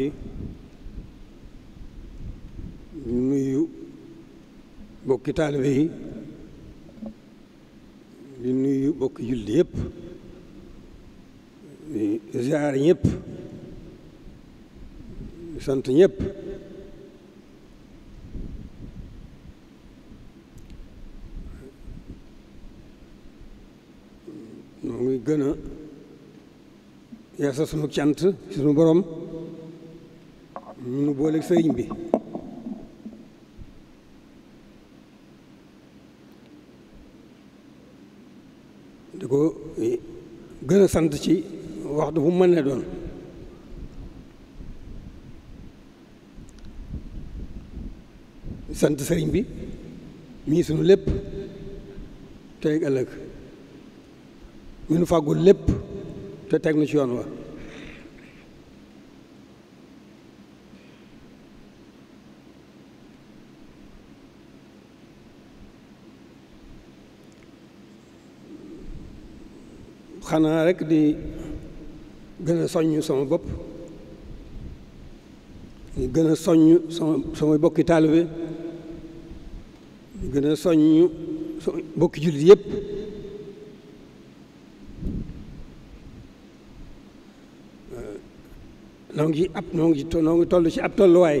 baax yi nuyu bokki taalibe yi di nuyu bokki julli yëpp di ziar ñëpp di sant ñëpp moo ngi gën a yaa cant sunu borom nu booleeg sëriñ bi di ko eh, gën a sant ci waxtu bu mën ne doon sant sëriñ bi mii sunu lépp tey ëllëg mi fàggul lépp te teg na ci yoon wa xanaa rek di gën a soññ sama bopp di gën a soññ sama sama bokki taalibe di gën a soññ sama bokki jullit yépp euh, noo ngi ab noo ngi noo ngi toll ci ab tolluwaay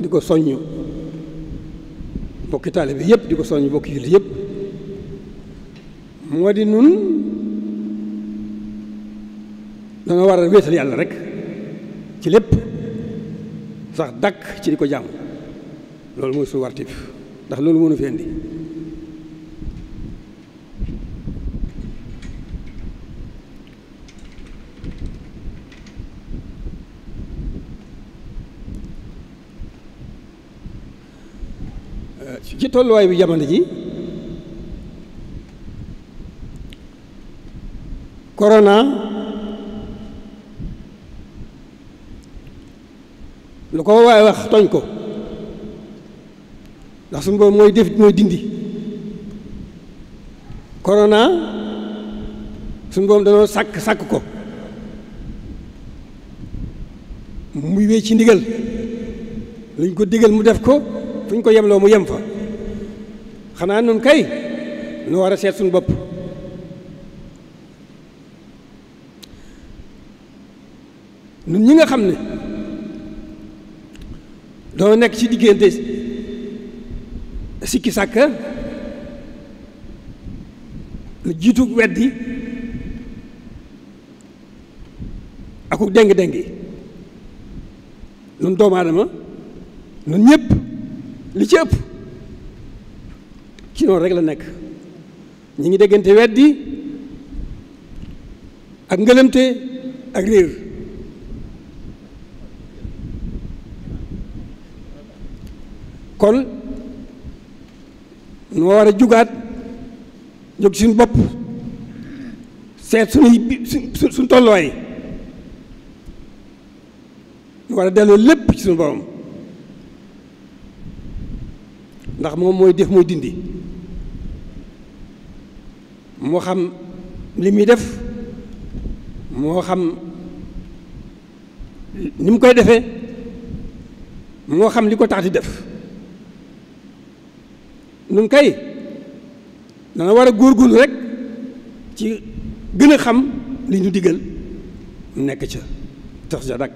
di ko soññ bokki taalibe yëpp di ko soññ bokki jullit yëpp moo di nun danga war a wéetal yàlla rek ci lépp sax dàkk ci di ko jàmm loolu mooy suñu wartif ndax loolu mënu fi indi tolluwaay bi jamono ji korona lu ko waaye wax tooñ ko ndax suñu boobu mooy def mooy dindi korona suñu boobu danoo sàkk sàkk ko muy wéy ci ndigal luñ ko digal mu def ko fu ñu ko yemloo mu yem fa xanaa noon kay nu war a seet suñu bopp nun ñi nga xam ne doo nekk ci diggante sikki sàkka lu jiitu weddi aku déng-déng yi nun doomu aadama nun ñëpp li ci ëpp ci noonu rekk la nekk ñi ngi déggante weddi ak ngëlëmte ak réer kon noo war a jugaat jóg suñu bopp seet suñuy suñ tolluwaay ñu war a delloo lépp ci suñu borom ndax mom moy def moy dindi mo xam limi def mo xam nim koy defé mo xam liko tax di def nun kay dana war a góorgóorlu rek ci gëna xam li ñu diggal nekk ci tax ja dak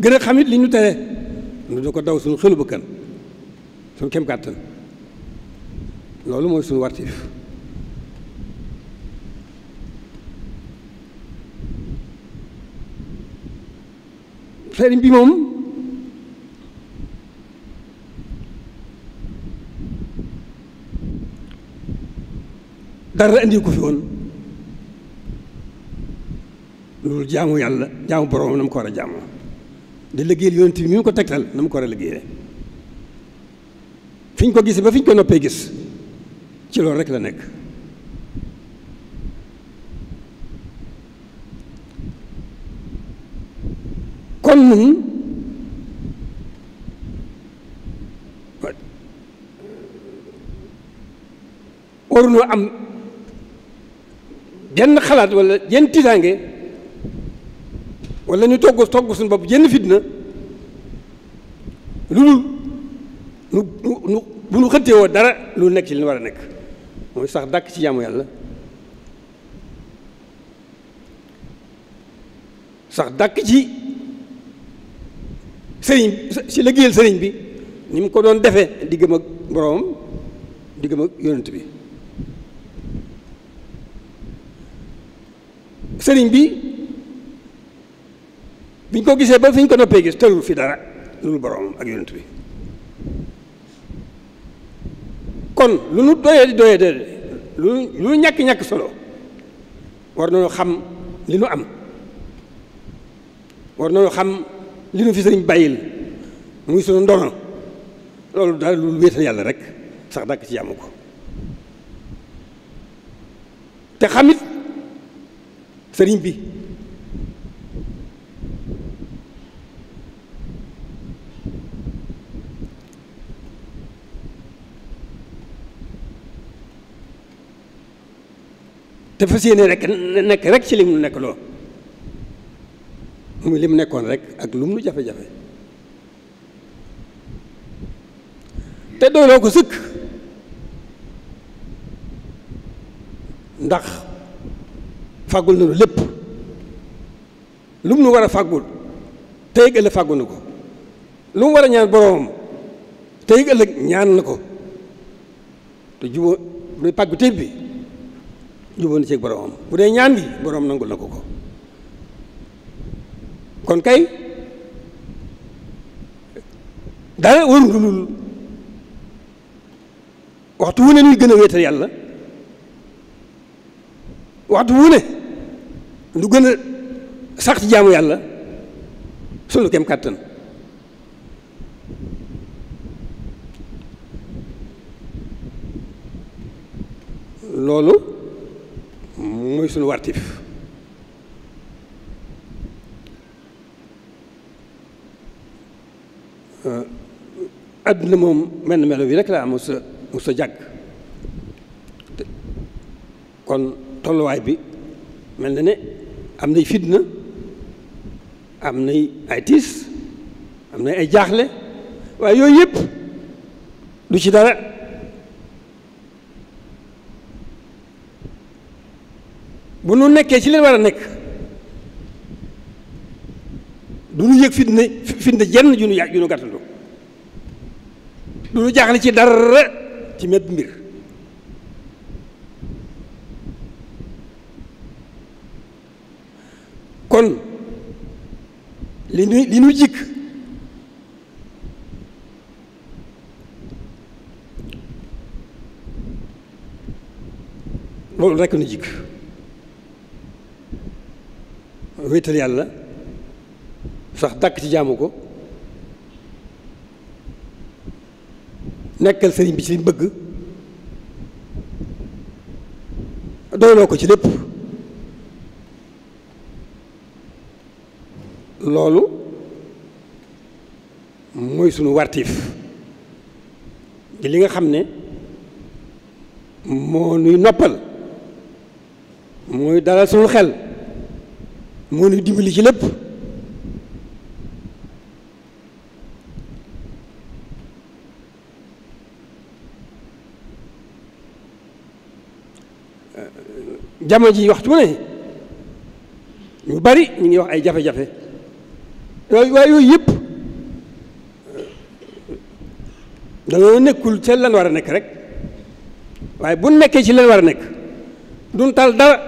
gëna xamit li ñu tere nu du ko daw suñu xelu bu bëkkan suñ kem kàttan loolu mooy suñu wartiif sëriñ bi moom dara indi ko fi woon loolu jaamu yàlla jaamu boroomam na mu ko war a jaamoo di liggéeyal yonent bi mi mu ko tegtal na mu ko war a liggéeyee fi ñu ko gisee ba fi ñu ko noppee gis ci loolu rekk la nekk kon nun waruñoo am jenn xalaat wala jenn tiitaange wala nu togg toggu suñu bopp jenn fitna lu dul bu nu xëttee woo dara lu nekk ci li war a nekk mooy sax dàkk ci jaamu yàlla sax dàkk ci sëriñ ci liggéeyal sëriñ bi ni mu ko doon defee diggam ak boroomam diggam ak yonent bi sëriñ bi biñ ko gisee ba fi ñu ko noppee gis tërul fi dara loolu boroomam ak yonent bi kon lu nu doyee di doyee de lu lu ñàkk-ñàkk solo war nañu xam li nu am war nañu xam li nu fi sëriñ bàyyil muy sunu ndono loolu daal lu wéetal yàlla rek sax dàkk si yàmm ko te xamit sëriñ bi te fas yéene rek nekk rek ci li nu nekk loo mu lim nekkoon rek ak lum nu jafe-jafe te doyloo ko sëkk ndax fàggul nu lépp lum nu war a faggul tey ëllëg fàggu ko lu mu war a ñaan boroomam tey ëllëg ñaan na ko te juba muy pàggu téeb bi jubóo na boromam bu dee ñaan gi borom nangul na ko ko kon kay dara warul lul waxtu wu ne nuy gën a wéetal yàlla waxtu wu ne lu gën a sax ci jaamu yàlla sunu kem kàttan loolu mooy suñu wartif àdduna moom mel na melo bi rek laa am sa mu sa jàgg kon tolluwaay bi mel na ne am nay fitna am nay ay tiis am nay ay jaaxle waaye yooyu yëpp du ci dara bu nu nekkee ci leen war a nekk du nu yëg fitna fitna jenn ju nu yàgg ju nu gàttandu du nu jaaxle ci dara ci met mbir kon li nu li nu jikk loolu rekk nu jikk wéetal yàlla sax dàkk ci jaamu ko nekkal sëriñ bi ci liñ bëgg doyloo ko ci lépp loolu mooy sunu wartiif di li nga xam ne moo nuy noppal mooy dalal sunu xel moo nuy dimbali ci lépp jamono ji waxtu ne ñu bari ñu ngi wax ay jafe-jafe yooyu waaye yooyu yëpp dañoo nekkul ca lan war a nekk rek waaye bu nekkee ci lan war a nekk duñ dara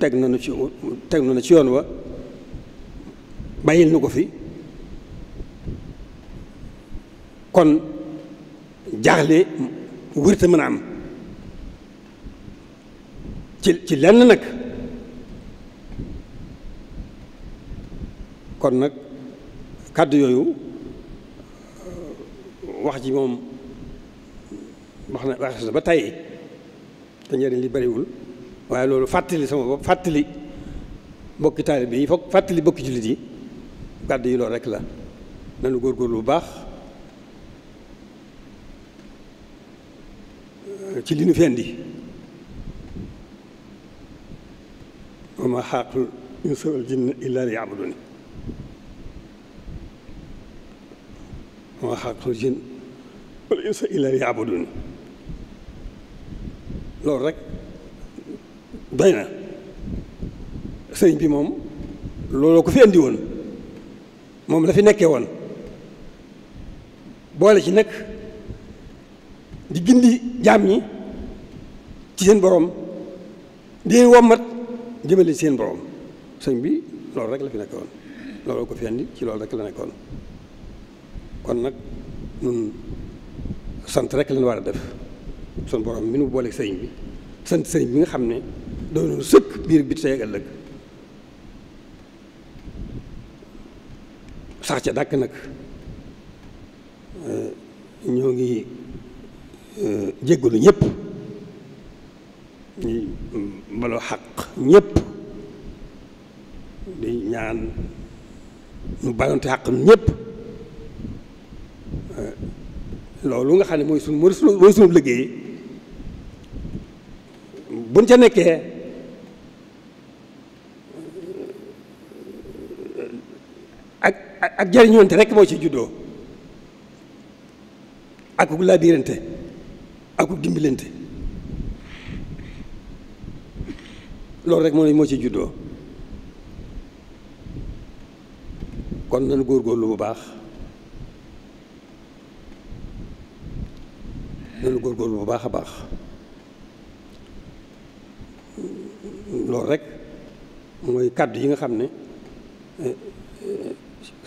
teg nañu ci teg nañu ci yoon wa bàyyil nu ko fi kon jaaxle wërta mën a am ci ci lenn nag kon nag kàddu yooyu euh, wax ji moom wax na wax ba tey te njëriñ li bariwul waaye loolu fàttali sama bopp fàttali bokki taalibe yi foog fàttali bokki jullit yi kàddu yi loolu rek la nanu góorgóorlu bu baax euh, ci li nu fi indi wa maa xalaqtul insa wal jinna illaa liya'buduun wa loolu rek doy na sëñ bi moom looloo ko fi andi woon moom la fi nekkee woon boole ci nag di gindi jaam ñi ci seen borom di wommat jëmale seen borom sëñ bi loolu rek la fi nekkee woon looloo ko fi andi ci loolu rek la nekkoon kon nag ñun sant rek lañ war a def sun borom mi nu booleeg sëñ bi sant sëñ bi nga xam ne doonu sëkk biir bi tey ëllëg sax ca dàkk nag eh, ñoo ngi eh, jéggalu ñëpp ñu balo xaq ñëpp di ñaan ñu bayonte xaq ñëpp eh, loolu nga xam ne mooy sunu mooy sunu liggéey buñ ca nekkee ak jariñoonte rek moo ci juddoo ak ku laabirante ak ku dimbalante loolu rek moo ne moo ci juddoo kon nañu góorgóorlu bu baax nañu góorgóorlu bu baax a baax loolu rek mooy kàddu yi nga xam ne eh,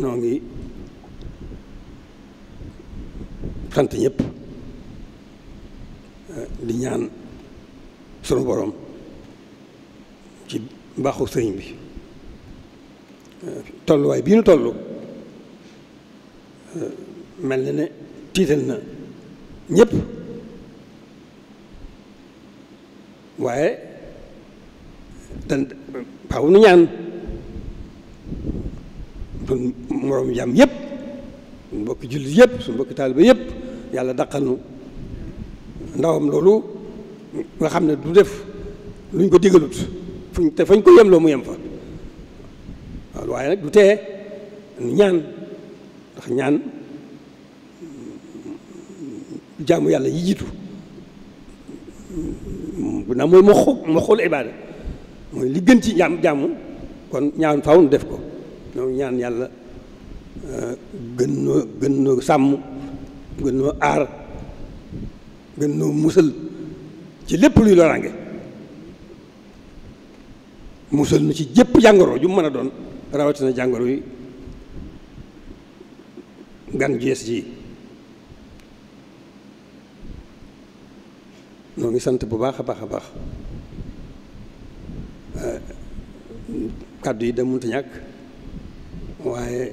noo ngi sant ñëpp eh, di ñaan sunu borom ci mbaaxu sëriñ bi eh, tolluwaay bii nu toll eh, mel na ne tiital na ñépp waaye dan faaw ñaan suñ moroom jàmm yëpp suñ mbokki jullit yëpp suñ mbokki taaliba yëpp yàlla daqal nu ndawam loolu nga xam ne du def luñ ko digalut fuñ te fañ ko yem loo mu yem fa waaw waaye nag du tee ñaan ndax ñaan jàmm yàlla yi jiitu bu naa mooy moxu moxul mooy li gën ci jaam jaamu kon ñaan faw nu def ko ñaan yàlla euh, gën noo gën noo sàmm gën noo aar gën noo musal ci lépp luy loraange musal nu ci jëpp jàngoro ju mën a doon rawatina jàngoro yi gan jees ji noo ngi sant bu baax a baax a baax euh, kàddu yi da mënta ñàkk waaye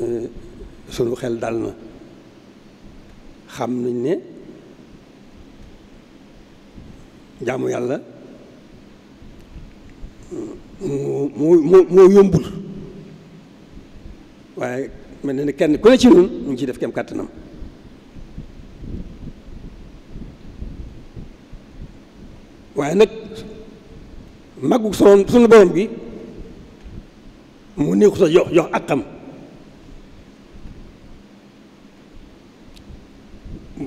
euh, sunu xel dal na xam nañ ne jaamu yàlla moo moo moo yombul waaye mel na ne kenn ku ne ci ñun ñu ngi ciy def kem kàttanam waaye nag màggu son sunu borom bi mu ne ko sax jox jox akam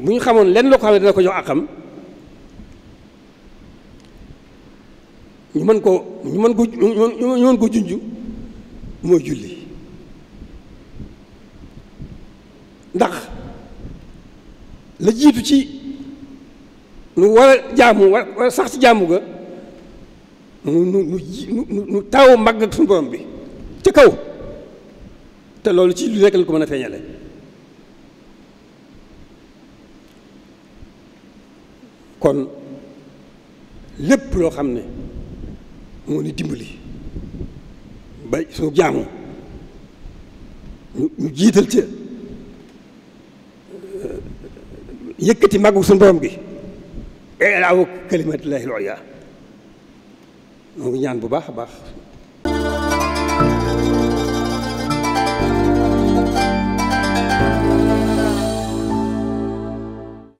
bu ñu xamoon lenn loo ko xam ne dana ko jox akam ñu mën ko ñu mën ko ñu mën ko junj mooy julli ndax la jiitu ci nu war a jaamu war sax ci jaamu ga nu nu nu nu taw màgg ak suñu borom bi ci kaw te loolu ci lu nekk lañ ko mën a feeñale kon lépp loo xam ne moo ni dimbali ba suñu jaamu ñu jiital ci euh, yëkkati màggu suñu borom gi eelaawu kalimatillahi loolu yaa moo ngi ñaan bu baax a baax